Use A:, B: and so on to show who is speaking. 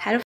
A: had a